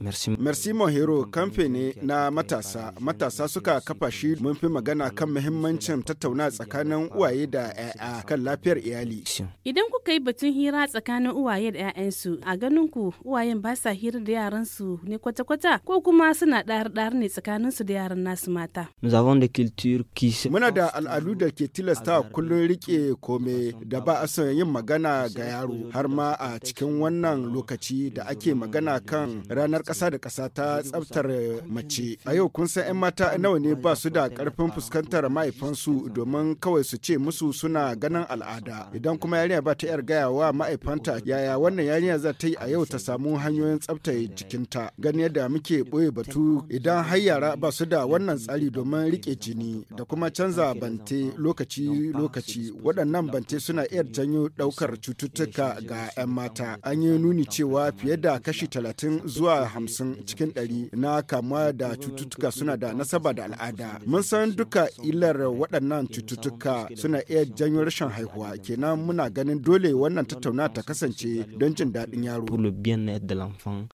Merci Mohero kamfe na matasa, matasa suka kafa shi mun fi magana kan muhimmancin tattauna tsakanin uwaye da 'ya'ya kan lafiyar iyali. Idan kuka yi batun hira tsakanin uwaye da 'ya'yansu a ganin ku uwayen ba sa hira da yaransu ne kwata-kwata ko kuma suna ɗar-ɗar ne tsakanin su da yaran nasu mata. Muna da al'adu da ke tilasta kullum rike kome da ba a son yin magana ga yaro har ma a cikin wannan lokaci da ake magana kan ranar ƙasa da ƙasa ta tsabtar mace. A yau kun san 'yan mata nawa ne ba su da karfin fuskantar mahaifansu domin kawai su ce musu suna ganin al'ada. Idan kuma yarinya ba ta yar gaya wa ma'aifanta yaya wannan yarinya za ta yi a yau ta samu hanyoyin tsabtace jikinta. Gani yadda muke boye batu idan har yara ba su da wannan tsari domin rike jini da kuma canza bante lokaci-lokaci waɗannan bante suna iya janyo ɗaukar cututtuka ga 'yan mata. An yi nuni cewa fiye da kashi talatin zuwa hamsin cikin ɗari na kamuwa da cututtuka suna da nasaba da al'ada. Mun san duka illar waɗannan cututtuka suna iya janyo rashin haihuwa kenan muna ganin dole wannan tattauna ta kasance don jin daɗin yaro.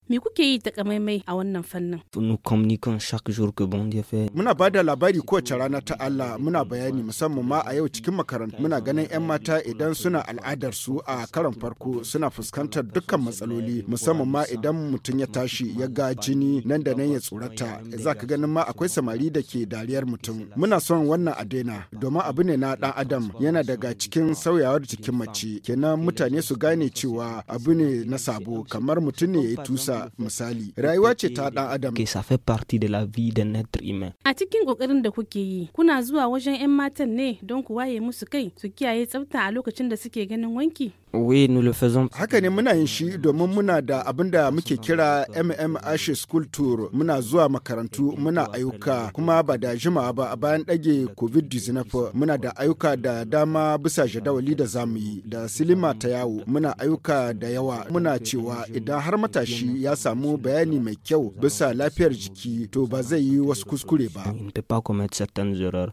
Me kuke yi takamaimai a wannan fannin? Muna ba da labari kowace rana ta Allah muna bayani musamman ma a yau cikin makarantu muna ganin 'yan mata idan suna al'adar su a karon farko suna fuskantar dukkan matsaloli musamman ma idan mutum ya tashi ya ga jini nan da nan ya tsorata za ka ganin ma akwai samari da ke dariyar mutum muna son wannan a daina domin abu ne na dan adam yana daga cikin sauyawar cikin mace kenan mutane su gane cewa abu ne na sabo kamar mutum ne ya yi tusa misali rayuwa ce ta dan adam a cikin kokarin da kuke yi kuna zuwa wajen 'yan matan ne don ku waye musu kai su kiyaye tsafta a lokacin da suke ganin wanki Oui, nous le faisons. Haka ne muna yin shi domin muna da abin da muke kira MM MH School Tour muna zuwa makarantu muna ayyuka kuma ba da jimawa ba a bayan ɗage COVID-19 muna da ayyuka da dama bisa jadawali da zamu yi da silima ta yawo muna ayyuka da yawa muna cewa idan har matashi ya samu bayani mai kyau bisa lafiyar jiki to ba zai yi wasu kuskure ba.